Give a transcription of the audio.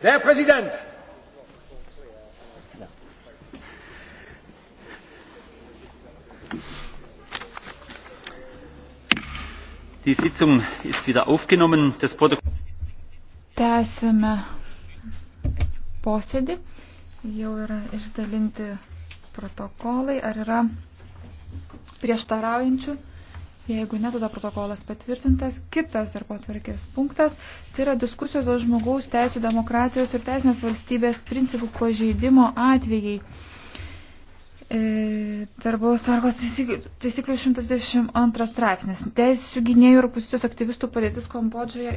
Der Präsident! Die Sitzung ist wieder aufgenommen. Das Protokoll. Tęsime posėdį. Jau yra išdalinti protokolai. Ar yra prieštaraujančių? Jeigu ne, tada protokolas patvirtintas. Kitas darbo tvarkės punktas tai yra diskusijos dėl žmogaus teisų, demokratijos ir teisinės valstybės principų pažeidimo atvejai. E, darbo tvarkos taisyklių 122 straipsnis. Teisų gynėjų ir opozicijos aktyvistų padėtis Kambodžoje.